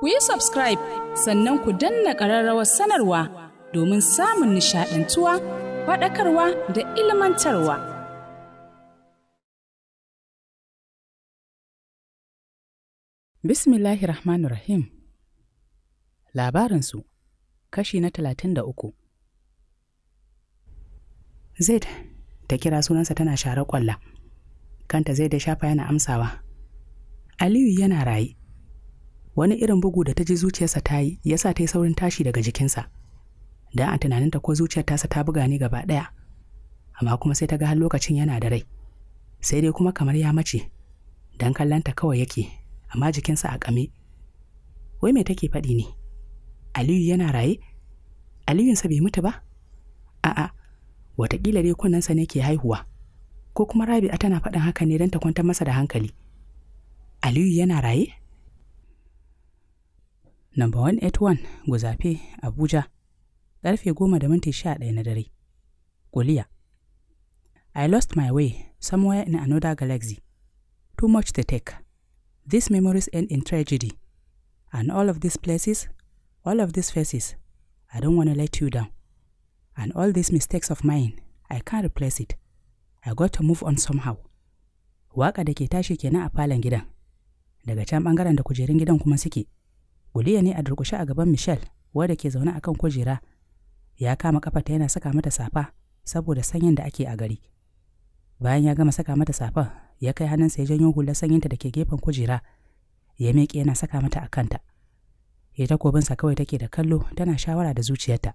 ku yi subscribe sannan ku danna ƙararrawar sanarwa domin samun nishaɗantuwa faɗakarwa da ilmantarwa. Bismillahir Rahmanir Rahim Labarinsu kashi na talatin da uku Zaid ta kira sunansa tana share kwalla. Kanta zai da shafa yana amsawa. Aliyu yana raye. wani irin bugu da ta ji zuciyarsa ta yi ya sa ta yi saurin tashi daga jikinsa da a tunaninta ko zuciyar tasa ta buga ne gaba ɗaya amma kuma sai ta ga har lokacin yana da rai sai dai kuma kamar ya mace dan kallanta kawai yake amma jikinsa a ƙame wai me take faɗi ne aliyu yana raye aliyunsa bai mutu ba a'a wataƙila dai kunnensa ne ke haihuwa ko kuma rabi'a tana faɗin haka ne don ta kwantar masa da hankali aliyu yana raye Namba 181 Guzafe, Abuja, ƙarfe goma da minti sha ɗaya na dare. Kuliya. I lost my way somewhere in another galaxy. Too much to take. These memories end in tragedy. And all of these places, all of these faces, I don't want to let you down. And all these mistakes of mine, I can't replace it. I got to move on somehow. Waƙa da ke tashi kenan a falon gidan. Daga can ɓangaren da kujerun gidan kuma suke. Guliya ne a durkushe a gaban Michelle, wadda ke zaune akan kujera. Ya kama kafata yana saka mata safa saboda sanyin da ake a gari. Bayan ya gama saka mata safan, ya kai hannunsa ya janyo hular sanyinta da ke gefen kujera. Ya miƙe yana saka mata a kanta. Ya takobinsa kawai take da kallo tana shawara da zuciyarta.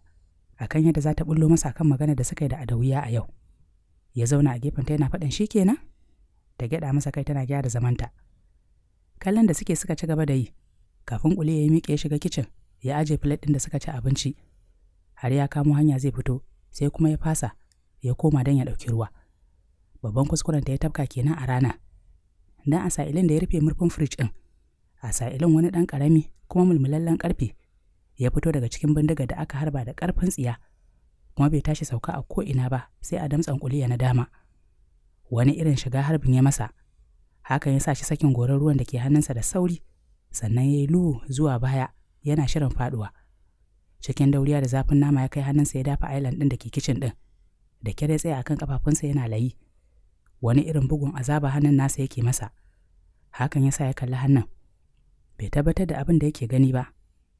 akan yadda za ta bullo masa kan magana da suka yi da adawiya a yau ya zauna a gefenta yana faɗin shi kenan ta gyaɗa masa kai tana gyara zamanta kallon da suke suka ci gaba da yi kafin ƙule ya yi miƙe shiga kicin ya aje filet ɗin da suka ci abinci har ya kamo hanya zai fito sai kuma ya fasa ya koma don ya ɗauki ruwa babban kuskuren ta ya tabka kenan a rana dan a sa'ilin da ya rufe murfin firij ɗin a sa'ilin wani ɗan ƙarami kuma mulmulallen ƙarfe ya fito daga cikin bindiga da aka harba da ƙarfin tsiya kuma bai tashi sauka a ko'ina ba sai a damtsan kuliya na dama wani irin shiga harbin ya masa hakan ya sa shi sakin goron ruwan da ke hannunsa da sauri sannan ya yi luhu zuwa baya yana shirin faduwa cikin dauriya da zafin nama ya kai hannunsa ya dafa island ɗin da ke kicin ɗin da kyar ya akan kafafunsa yana layi wani irin bugun azaba hannun nasa yake masa hakan yasa ya kalli hannun bai tabbatar da abin da yake gani ba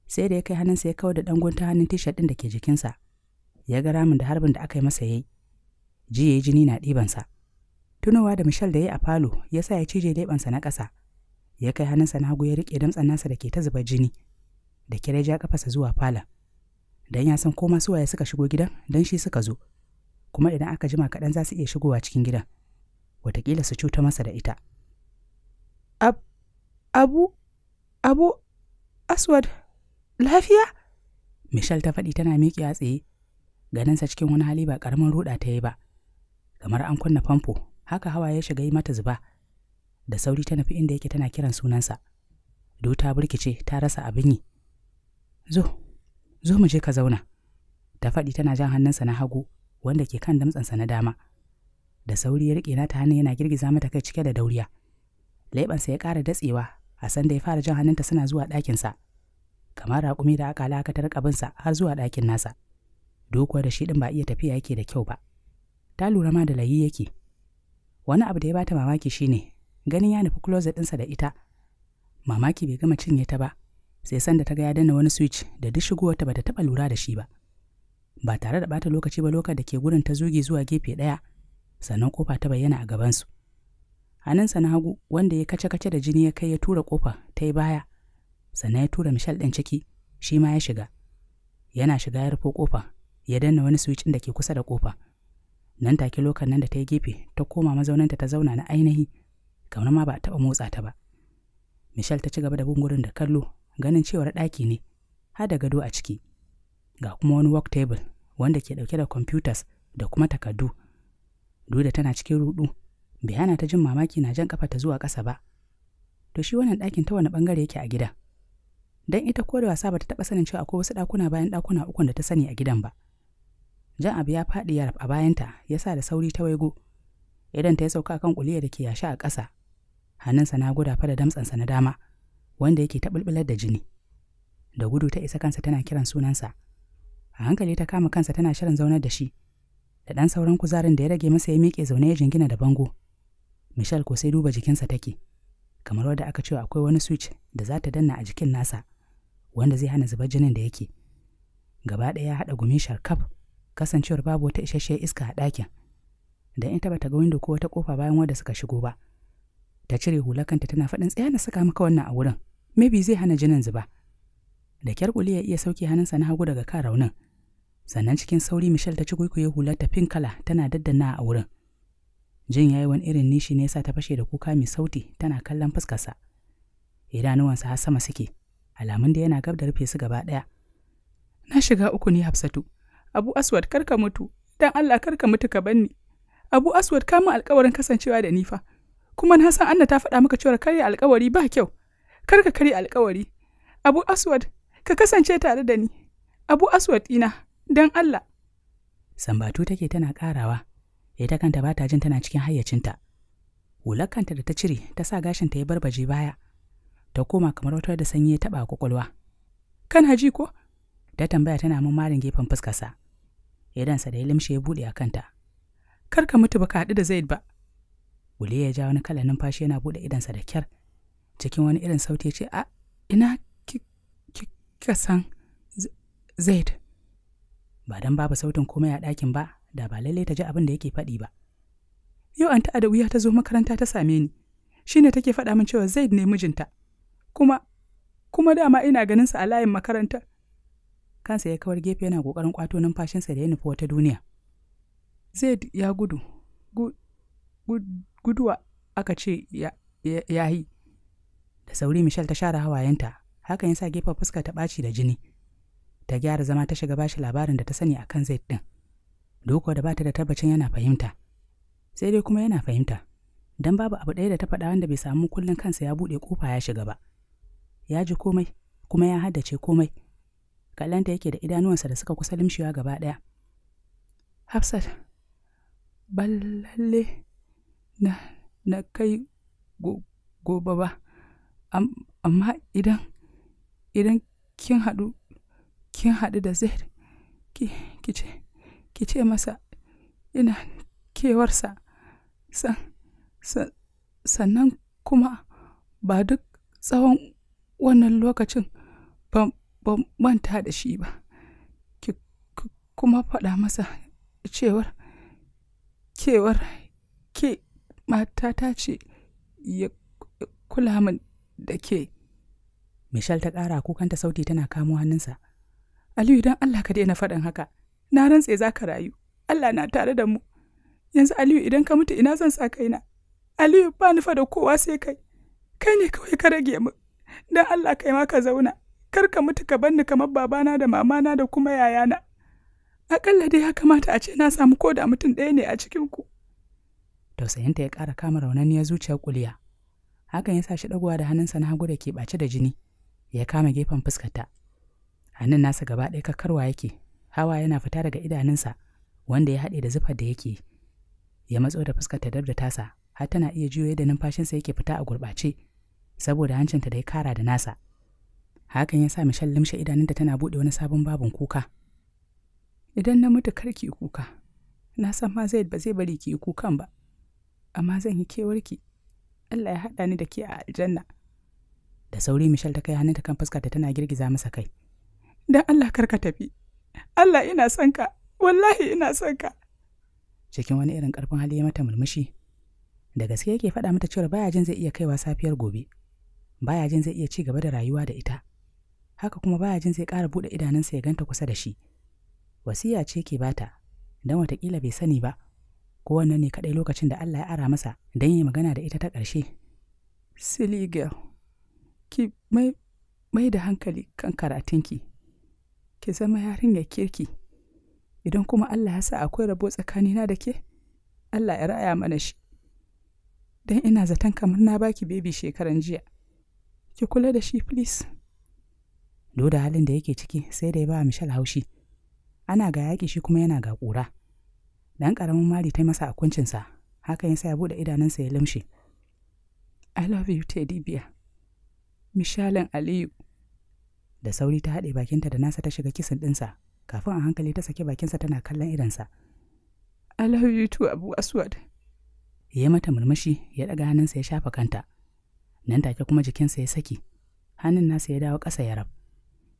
sai da ya kai hannunsa ya kawo da ɗangon ta hannun tishat ɗin da ke jikinsa ya ga ramin da harbin da aka yi masa ya yi ji ya yi jini na ɗibansa tunowa da mishal da ya yi a falo ya sa ya cije leɓensa na ƙasa ya kai hannunsa na hagu ya riƙe damtsan nasa da ke ta zuba jini da kira ja kafarsa zuwa fala dan ya san ko masu waye suka shigo gidan dan shi suka zo kuma idan aka jima kaɗan za su iya shigowa cikin gidan watakila su cuta masa da ita Ab, abu abu aswad lafiya michelle ta faɗi tana miƙe a tsaye ganinsa cikin wani hali ba ƙaramin ruɗa ta yi ba kamar an kunna famfo haka hawa ya shiga yi mata zuba da sauri ta nufi inda yake tana kiran sunansa do ta burkice ta rasa abin yi zo zo mu je ka zauna ta faɗi tana jan hannunsa na hagu wanda ke kan damtsansa na dama da sauri ya riƙe na ta hannun yana girgiza mata kai cike da dauriya Leɓansa ya ƙara datsewa a sanda ya fara jan hannunta suna zuwa ɗakinsa kamar raƙumi da aka lakatar ƙabinsa har zuwa ɗakin nasa dokuwa da shi ɗin ba iya tafiya yake da kyau ba ta lura ma da layi yake wani abu da ya bata mamaki shine ganin ya nufi closet ɗinsa da ita mamaki bai gama cinye ta ba sai sanda ta ga ya danna wani switch da duk shigowarta bata taɓa lura da shi ba ba tare da bata lokaci ba lokacin da ke gurin ta zuge zuwa gefe ɗaya sannan kofa ta bayyana a gabansu hannunsa na hagu wanda ya kace-kace da jini ya kai ya tura kofa ta yi baya sannan ya tura mishal ɗin ciki shi ma ya shiga yana shiga ya rufe kofa ya danna wani switch da ke kusa da kofa nan take lokacin nan da ta yi gefe ta koma mazauninta ta zauna na ainihi kamar ma ba a taɓa motsa ta ba michelle ta ci gaba da bin gurin da kallo ganin cewar ɗaki ne har da gado a ciki ga kuma wani work table wanda ke ɗauke da computers da kuma takardu da tana cikin rudu bai ta jin mamaki na jan ƙafa ta zuwa ƙasa ba to shi wannan ɗakin ta wani ɓangare yake a gida don ita ko da wasa bata taɓa sanin cewa akwai wasu ɗakuna bayan ɗakuna ukun da ta sani a gidan ba jan abu ya faɗi yarab a bayanta ya sa da sauri ta waigo idan ta ya sauka kan kuliyar da ke yashi a ƙasa hannunsa na guda fa da damtsansa na dama wanda yake ta bulbular da jini da gudu ta isa kansa tana kiran sunansa a hankali ta kama kansa tana shirin zaunar da shi da ɗan sauran kuzarin da ya rage masa ya miƙe zaune ya jingina da bango michel ko sai duba jikinsa take kamar wadda aka cewa akwai wani switch da za ta danna a jikin nasa wanda zai hana zubar jinin da yake gaba ɗaya ya haɗa gumi sharkaf kasancewar babu wata isasshiyar iska a ɗakin da in bata ga windo ko wata kofa bayan wanda suka shigo ba ta cire hula kanta tana faɗin tsaya na saka maka wannan a wurin maybe zai hana jinin zuba da kyar kuli ya iya sauke hannunsa na hagu daga kan raunin sannan cikin sauri michelle ta ci kwaikwayo hula ta pink kala tana daddana a wurin jin yayi wani irin nishi ne yasa ta fashe da kuka mai sauti tana kallon fuskarsa idanuwansa har sama suke alamun da yana gab da rufe su gaba ɗaya na shiga uku ne hafsatu abu aswad karka mutu dan allah karka mutu ka banni Abu Aswad ka min alkawarin kasancewa da ni fa. Kuma na san Anna ta faɗa maka cewa karya alkawari ba kyau. Kar ka karya alkawari. Abu Aswad, ka kasance tare da ni. Abu Aswad ɗina, dan Allah. Sambatu take tana ƙarawa, ita kanta ba ta jin tana cikin hayyacinta. Hular kanta da ta cire ta sa gashin ta ya barbaje baya. Ta koma kamar wata da sanyi ya taɓa kwakwalwa. kan haji ko? Ta tambaya tana marin gefen fuskarsa. sa da ya limshe ya buɗe a kanta. kar ka mutu baka haɗu da zaid ba wule ya ja wani kalan numfashi yana buɗe idansa da kyar cikin wani irin sauti ya ce a ina kika san zaid ba dan babu sautin komai a ɗakin ba da ba lallai ta ji abin da yake faɗi ba yau an ta wuya ta zo makaranta ta same ni shi shine take faɗa min cewa zaid ne mijinta kuma kuma dama ina ganin sa a layin makaranta kansa ya kawar gefe yana kokarin kwato numfashinsa da ya nufi wata duniya zaid ya gudu guduwa aka ce ya yi da sauri michelle ta share hawayenta hakan ya sa gefen fuska ta ɓaci da jini ta gyara zama ta shiga bashi labarin da ta sani akan zaid ɗin doko da bata da tabbacin yana fahimta sai dai kuma yana fahimta don babu abu ɗaya da ta faɗa wanda bai samu kullum kansa ya buɗe kofa ya shiga ba ya ji komai kuma ya haddace komai kallanta yake da idanuwansa da suka kusa limshewa gaba ɗaya hafsat ba lalle na, na kai gobe ba, amma idan, idan kin haɗu, kin haɗu da zai ki, ki ce, ki ce masa ina kewarsa, san, san, sannan kuma ba duk tsawon wannan lokacin ban manta da shi ba, ki kuma faɗa masa cewar kewar ke matata ce ya kula min da ke. Michelle ta ƙara kukanta sauti tana kamo hannunsa. Aliyu don Allah ka daina faɗin haka, na rantse za ka rayu, Allah na tare da mu. Yanzu Aliyu idan ka mutu ina zan sa kaina. Aliyu ba nufa da kowa sai kai, kai ne kawai ka rage mu, don Allah kai ma ka zauna, kar ka mutu ka banni kamar babana da mamana da kuma yayana. Aƙalla dai ya kamata a ce na samu ko da mutum ɗaya ne a cikin ku Tausayinta ya ƙara kama raunaniyar zuciyar kuliya. Hakan ya sa shi ɗagowa da hannunsa na hagu da ke ɓace da jini, ya kama gefen fuskarta. Hannun nasa gaba ɗaya kakkarwa yake, hawa yana fita daga idanunsa, wanda ya haɗe da zufar da yake. Ya matso da fuskarta dab da tasa, har tana iya jiyo yadda numfashinsa yake fita a gurɓace, saboda hancinta da ya kara da nasa. Hakan ya sa Michelle limshe idanunta tana buɗe wani sabon babin kuka. idan na mutu kar ki kuka na san ma zai ba zai bari ki kukan ba amma zan yi kewarki Allah ya haɗa ni da ke a aljanna da sauri michel ta kai hannunta kan fuskarta tana girgiza masa kai dan Allah kar ka tafi Allah ina son ka wallahi ina son ka cikin wani irin karfin hali ya mata murmushi da gaske yake faɗa mata cewa baya jin zai iya kaiwa safiyar gobe baya jin zai iya ci gaba da rayuwa da ita haka kuma baya jin zai ƙara buɗe idanunsa ya ganta kusa da shi wasiya ce ke bata don watakila bai sani ba ko wannan ne kadai lokacin da Allah ya ara masa don yi magana da ita ta ƙarshe. Silly girl, ki mai, mai da hankali kan karatunki, ki zama yarinyar kirki, idan kuma Allah ya sa akwai rabo tsakanina da ke, Allah ya raya mana shi. Don ina zaton kamar na baki bebi shekaran jiya, ki kula da shi please. Doda halin da yake ciki sai da ya ba Michelle haushi. ana ga yaƙi shi kuma yana ga ƙura dan ƙaramin mari ta masa a kuncinsa haka yasa ya buɗe idanunsa ya lamshe i love you teddy bear mishalin aliyu da sauri ta haɗe bakinta da nasa ta shiga kisan ɗinsa kafin a hankali ta saki bakinsa tana kallon idansa i love you too abu aswad ya mata murmushi ya ɗaga hannunsa ya shafa kanta nan take kuma jikinsa ya saki hannun nasa ya dawo ƙasa ya rab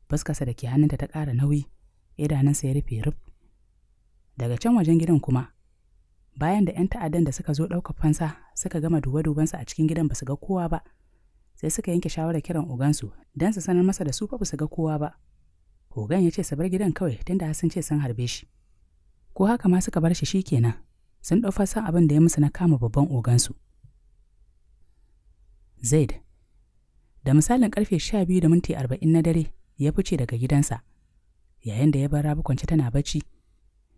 fuskarsa da ke hannunta ta kara nauyi sa ya rufe rub daga can wajen gidan kuma bayan da 'yan ta'addan da suka zo ɗaukar fansa suka gama duba-dubansa a cikin gidan ba su ga kowa ba sai suka yanke shawarar kiran ogansu don su sanar masa da su fa su ga kowa ba ogan ya ce su bar gidan kawai tun tunda sun ce sun harbe shi ko haka ma suka bar shi shi kenan sun ɗau fasan abin da ya musu na kama babban ogansu zaid da misalin karfe biyu da minti arba'in na dare ya fice daga gidansa yayin da ya bar rabu kwance tana bacci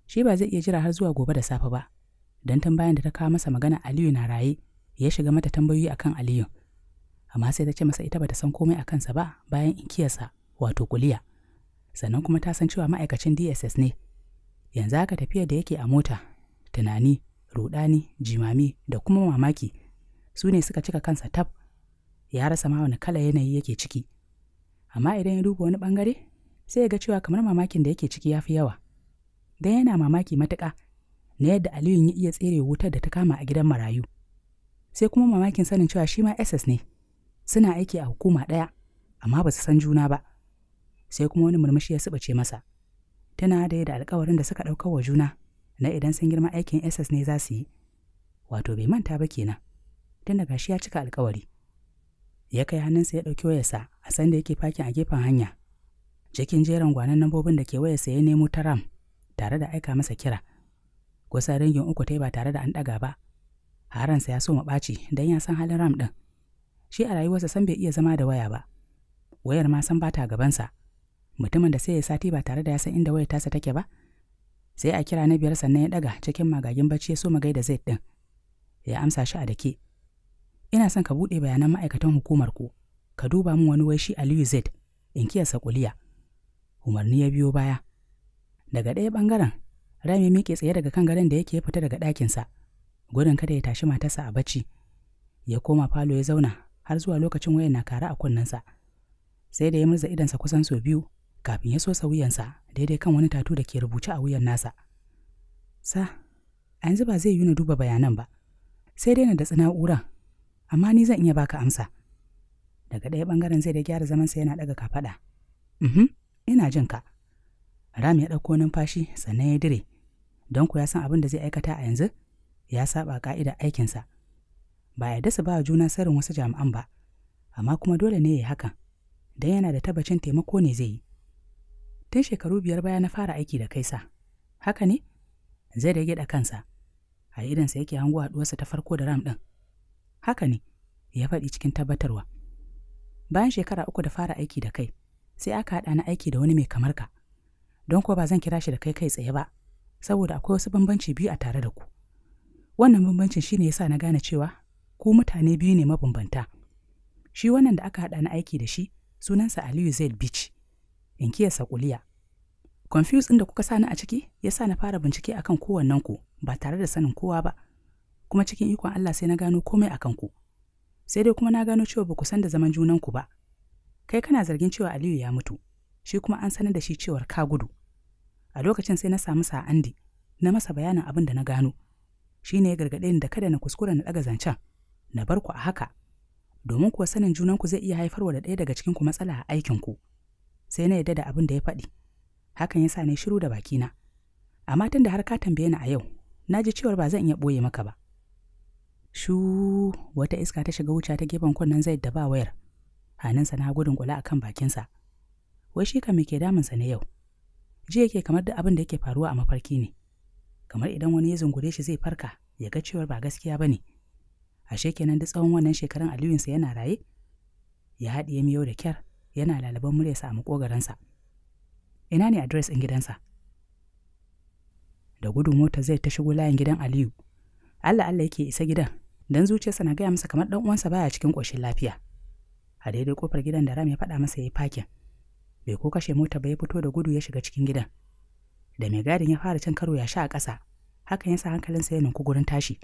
shi ba zai iya jira har zuwa gobe da safe ba don tambayan da ta kawo masa magana aliyu na raye ya shiga mata tambayoyi akan aliyu amma sai ta ce masa ita bata san komai a kansa ba bayan inkiyarsa wato kuliya sannan kuma ta san cewa ma'aikacin dss ne yanzu haka tafiya da yake a mota tunani rudani jimami da kuma mamaki su ne suka cika kansa tab ya rasa ma wani kala yanayi yake ciki amma idan ya duba wani bangare sai ya ga cewa kamar mamakin da yake ciki ya fi yawa dan yana mamaki matuka na yadda aliyun ya iya tsere wutar da ta kama a gidan marayu sai kuma mamakin sanin cewa shi ma ss ne suna aiki a hukuma ɗaya amma ba su san juna ba sai kuma wani murmushi ya subace masa tana da yadda alkawarin da suka ɗaukar wa juna na idan sun girma aikin ss ne za su yi wato bai manta ba kenan tunda gashi ya cika alkawari ya kai hannunsa ya ɗauki wayarsa a sanda yake fakin a gefen hanya cikin jerin gwanan nambobin da ke wayarsa ya nemo ta ram tare da aika masa kira kusa ringin uku ta ba tare da an ɗaga ba haransa ya so mu ɓaci don ya san halin ram ɗin shi a rayuwarsa san bai iya zama da waya ba wayar ma san bata gabansa mutumin da sai ya sati ba tare da ya san inda wayar tasa take ba sai a kira na biyar sannan ya ɗaga cikin magagin bacci ya so mu gaida zai ɗin ya amsa shi a dake ina son ka buɗe bayanan ma'aikatan hukumar ku ka duba min wani wai shi aliyu zaid in kiyasa kuliya umarni ya biyo baya daga ɗaya ɓangaren rami ya miƙe tsaye daga kan garin da yake fita daga ɗakinsa gudun kada ya tashi matarsa a bacci ya koma falo ya zauna har zuwa lokacin wayan na kara a kunnensa sai da ya murza idansa kusan sau biyu kafin ya sosa wuyansa daidai kan wani tatu da ke rubuce a wuyan nasa sa a yanzu ba zai yi na duba bayanan ba sai dai na da tsina'uran. amma ni zan iya baka amsa daga ɗaya ɓangaren zai da gyara zamansa yana ɗaga kafaɗa. Mhm. ina jin ka ram ya ɗauko numfashi sannan ya dire don ku ya san abin da zai aikata a yanzu ya saba ƙa'idar aikinsa ba ya dasa ba juna sarin wasu jami'an ba amma kuma dole ne ya yi hakan don yana da tabbacin taimako ne zai yi tun shekaru biyar baya na fara aiki da kaisa haka ne zai da gida kansa a idansa yake hango haɗuwarsa ta farko da ram ɗin haka ne ya faɗi cikin tabbatarwa bayan shekara uku da fara aiki da kai sai aka haɗa na aiki da wani mai kamar ka don kuwa ba zan kira shi da kai kai tsaye ba saboda akwai wasu bambanci biyu a tare da ku wannan bambancin shine yasa na gane cewa ku mutane biyu ne mabambanta shi wannan da aka haɗa na aiki da shi sunansa Aliyu Zaid Beach in kiyasa kuliya confused ɗin da kuka sani a ciki yasa na fara bincike akan kowannen ku ba tare da sanin kowa ba kuma cikin ikon Allah sai na gano komai akan ku sai dai kuma na gano cewa ba ku san da zaman junan ku ba kai kana zargin cewa Aliyu ya mutu, shi kuma an sanar da shi cewar ka gudu. A lokacin sai na samu sa'andi, na masa bayanin abin da na gano. Shi ne ya gargaɗe ni da kada na kuskura na ɗaga zancen, na bar ku a haka. Domin kuwa sanin junanku zai iya haifarwa da ɗaya daga cikinku matsala a aikinku. Sai na yarda da abin da ya faɗi. Hakan ya sa ni shiru da bakina. Amma tun da har ka tambaye ni a yau, na ji cewar ba zan iya ɓoye maka ba. Shu wata iska ta shiga wuce ta gefen kunnen zai da ba wayar. hannunsa na gudun kula a kan bakinsa wai shi kam me damunsa ne yau ji yake kamar da abin da yake faruwa a mafarki ne kamar idan wani ya zungure shi zai farka ya ga cewar ba gaskiya ba ne ashe kenan duk tsawon wannan shekarun aliyunsa yana raye ya haɗiye miyau da kyar yana lalaban muryarsa a makogaransa ina ne adres ɗin gidansa da gudun mota zai ta shigo layin gidan aliyu allah allah yake isa gidan dan zuciyarsa na gaya masa kamar ɗan uwansa baya cikin koshin lafiya a daidai kofar gidan da ram ya faɗa masa ya fakin bai ko kashe mota ba ya fito da gudu ya shiga cikin gidan da mai gadin ya fara cin karo ya sha a ƙasa hakan ya sa hankalinsa ya ninku gurin tashi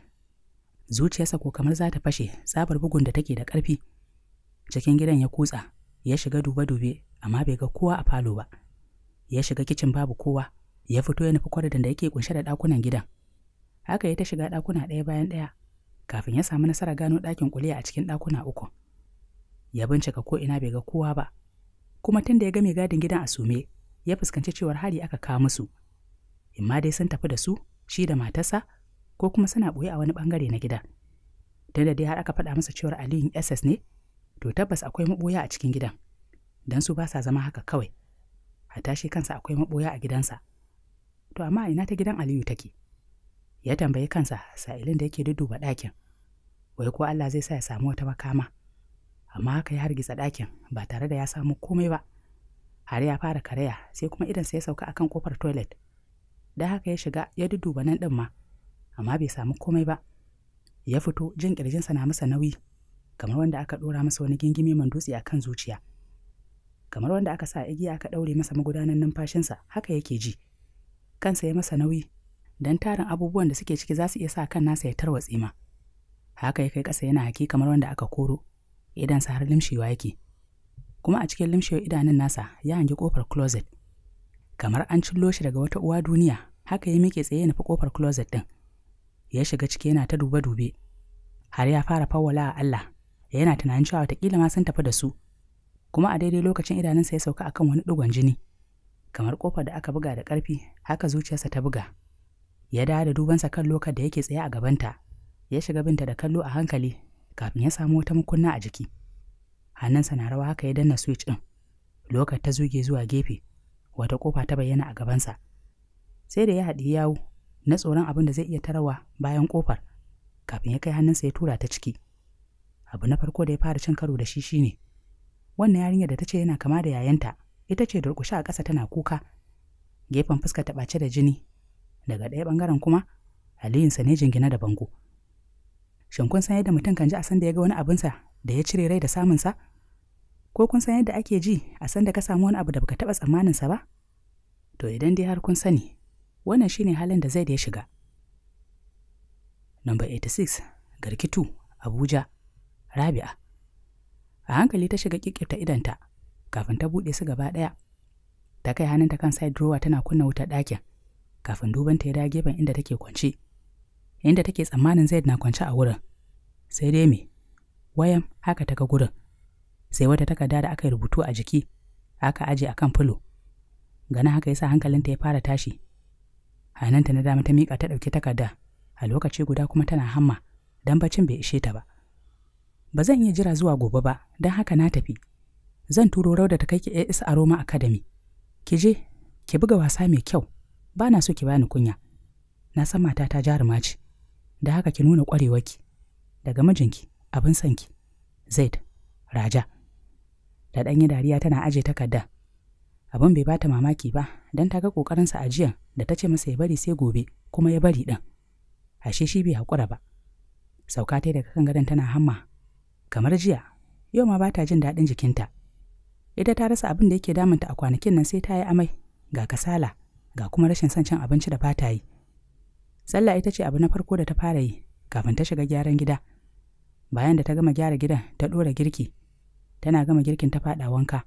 zuciyarsa ko kamar za ta fashe tsabar bugun da take da ƙarfi cikin gidan ya kutsa ya shiga dube-dube amma bai ga kowa a falo ba ya shiga kicin babu kowa ya fito ya nufi kwadadan da yake kunshe da ɗakunan gidan haka ya ta shiga ɗakuna ɗaya bayan ɗaya kafin ya samu nasara gano ɗakin kuliya a cikin ɗakuna uku ya bincika ko ina bai ga kowa ba kuma tun da ya ga mai gadin gidan a sume ya fuskanci cewar hari aka kawo musu imma dai sun tafi da su shi da matarsa ko kuma suna ɓoye a wani ɓangare na gidan tun da dai har aka faɗa masa cewar aliyun ss ne to tabbas akwai maɓoya a cikin gidan don su ba sa zama haka kawai a tashi kansa akwai maɓoya a gidansa to amma ina ta gidan aliyu take ya tambayi kansa sa'ilin da yake duduba ɗakin wai ko allah zai sa ya samu wata makama amma haka ya hargitsa ɗakin ba tare da ya samu komai ba har ya fara karaya sai kuma idan sai ya sauka akan kofar toilet da haka ya shiga ya duduba nan din ma amma bai samu komai ba ya fito jin ƙirjinsa na masa nauyi kamar wanda aka dora masa wani gingimi man dutse akan zuciya kamar wanda aka sa igiya aka ɗaure masa magudanan numfashinsa haka yake ji kansa ya masa nauyi dan tarin abubuwan da suke ciki za su iya sa kan nasa ya tarwatse ma haka ya kai kasa yana haki kamar wanda aka koro idan sa har limshewa yake kuma a cikin limshewar idanun nasa ya hangi kofar closet kamar an cillo shi daga wata uwa duniya haka ya miƙe tsaye nufi kofar closet ɗin ya shiga ciki yana ta dube-dube har ya fara fawwala a Allah yana tunanin cewa watakila ma sun tafi da su kuma a daidai lokacin idanunsa ya sauka akan wani ɗigon jini kamar kofar da aka buga da ƙarfi haka zuciyarsa ta buga ya dawo da dubansa kan lokar da yake tsaye a gabanta ya shiga binta da kallo a hankali kafin ya samu wata mukunna a jiki hannunsa na rawa haka ya danna switch ɗin Lokacin ta zuge zuwa gefe wata kofa ta bayyana a gabansa sai da ya haɗi yawo na tsoron abin da zai iya tarawa bayan kofar kafin ya kai hannunsa ya tura ta ciki abu na farko da ya fara cin karo da shi shine wannan yarinyar da ta ce yana kama da yayanta ita ce durƙushe a ƙasa tana kuka gefen fuska ta ɓace da jini daga ɗaya ɓangaren kuma aliyunsa ne jingina da bango Shin kun san yadda mutum kan ji a san da ya ga wani abinsa da ya cire rai da samunsa? Ko kun san yadda ake ji a san da ka samu wani abu da baka taɓa tsammaninsa ba? To idan dai har kun sani, wannan shine halin da zai da ya shiga. Number 86, Garkitu, Abuja, Rabi'a. A hankali ta shiga kikkita idanta kafin ta buɗe su gaba ɗaya. Ta kai hannunta kan side drawer tana kunna wutar ɗakin kafin dubanta ya dawo gefen inda take kwance. inda take tsammanin Zaid na kwance a wurin. Sai dai me, wayan haka ta ga gurin. Sai wata takarda da aka rubutu a jiki, aka aje akan fulo. Gana haka yasa hankalinta ya fara tashi. Hananta na dama ta mika ta ɗauki takarda, a lokaci guda kuma tana hamma, don bacin bai ishe ta ba. Ba zan iya jira zuwa gobe ba, don haka na tafi. Zan turo da ta kai ki AS Aroma Academy. Ki je, ki buga wasa mai kyau, ba na so ki bani kunya. Na san matata jaruma ce. da haka ki nuna kwarewa ki. daga mijinki abin sanki zaid raja da ɗanyi dariya tana aje takarda abin bai bata mamaki ba don ta ga ƙoƙarinsa ajiyan da ta ce masa ya bari sai gobe kuma ya bari ɗin ashe shi bai haƙura ba sauka ta daga kan gadon tana hamma kamar jiya yau ma bata jin daɗin jikinta ita ta rasa abin da yake damunta a kwanakin nan sai ta yi amai ga kasala ga kuma rashin son cin abinci da bata yi sallah ita ce abu na farko da ta fara yi kafin ta shiga gyaran gida bayan da ta gama gyara gidan ta ɗora girki tana gama girkin ta faɗa wanka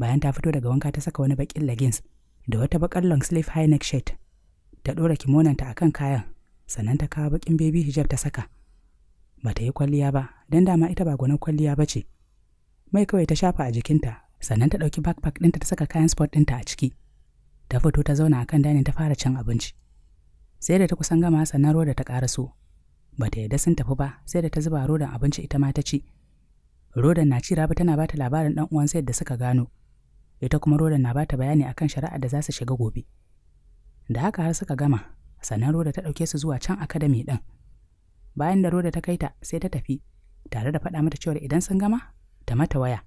bayan ta fito daga wanka ta saka wani baƙin leggings da wata baƙar long sleeve high neck shirt ta ɗora kimonanta kan kayan sannan ta kawo baƙin baby hijab ta saka ba ta yi kwalliya ba don dama ita ba gwanon kwalliya ba ce mai kawai ta shafa a jikinta sannan ta ɗauki backpack ɗinta ta saka kayan sport ɗinta a ciki ta fito ta zauna a kan danin ta fara cin abinci sai da ta kusan gama sannan roda ta ƙaraso ba ta yarda sun tafi ba sai da ta zuba rodan abinci ita ma ta ci rodan na ci rabi tana ba ta labarin ɗan uwan sai da suka gano ita kuma rodan na ba ta bayani akan sharia da za su shiga gobe da haka har suka gama sannan roda ta ɗauke su zuwa can akadami ɗin bayan da roda ta kai ta sai ta tafi tare da faɗa mata cewa idan sun gama ta mata waya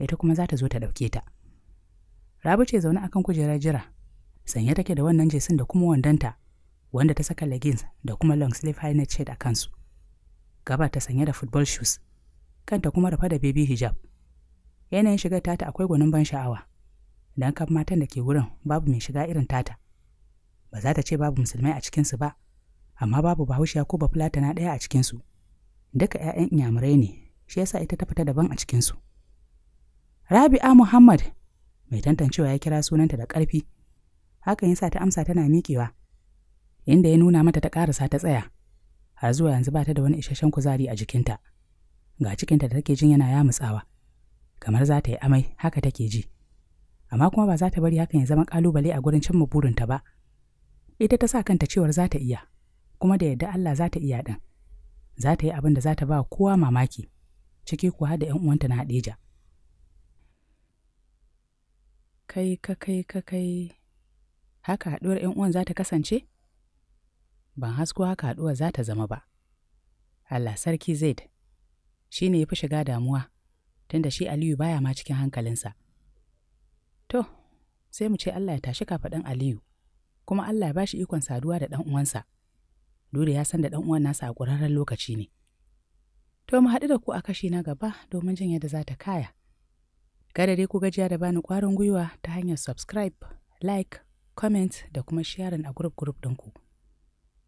ita kuma za ta zo ta ɗauke ta rabi ce zaune akan kujerar jira sanye take da wannan jesin da kuma wandonta wanda ta saka leggings da kuma long sleeve high neck shirt a kansu gaba ta sanye da football shoes kanta kuma rufe da baby hijab yanayin shiga tata akwai gwanin ban sha'awa dan kan matan da ke wurin babu mai shiga irin tata ba za ta ce babu musulmai a cikinsu ba amma babu bahaushiya ko na ɗaya a cikinsu duka 'ya'yan inyamurai ne shi yasa ita ta fita daban a cikinsu rabi'a muhammad mai tantancewa ya kira sunanta da ƙarfi hakan yasa ta amsa tana miƙewa inda ya nuna mata ta ƙarasa ta tsaya har zuwa yanzu ba ta da wani isasshen kuzari a jikinta ga cikinta da take jin yana yamutsawa kamar za ta yi amai haka take ji amma kuma ba za ta bari hakan ya zama ƙalubale a gurin cimma burinta ba ita ta sa kanta cewar za ta iya kuma da yadda Allah za ta iya ɗin za ta yi abin da za ta ba kowa mamaki ciki kuwa da 'yan uwanta na Hadija. kai ka kai ka kai haka haɗuwar 'yan uwan za ta kasance ban hasko haka haɗuwa za ta zama ba. Allah sarki Zaid, shi ne ya fi shiga damuwa, tunda shi Aliyu baya ma cikin hankalinsa. To, sai mu ce Allah ya tashi kafaɗin Aliyu, kuma Allah ya ba shi ikon saduwa da ɗan uwansa. Dole ya san da ɗan uwan nasa a ƙurarren lokaci ne. To, mu haɗu da ku a kashi na gaba domin jin yadda za ta kaya. Kada dai ku gajiya da bani ƙwarin gwiwa ta hanyar subscribe, like, comment da kuma sharing a group group ɗinku.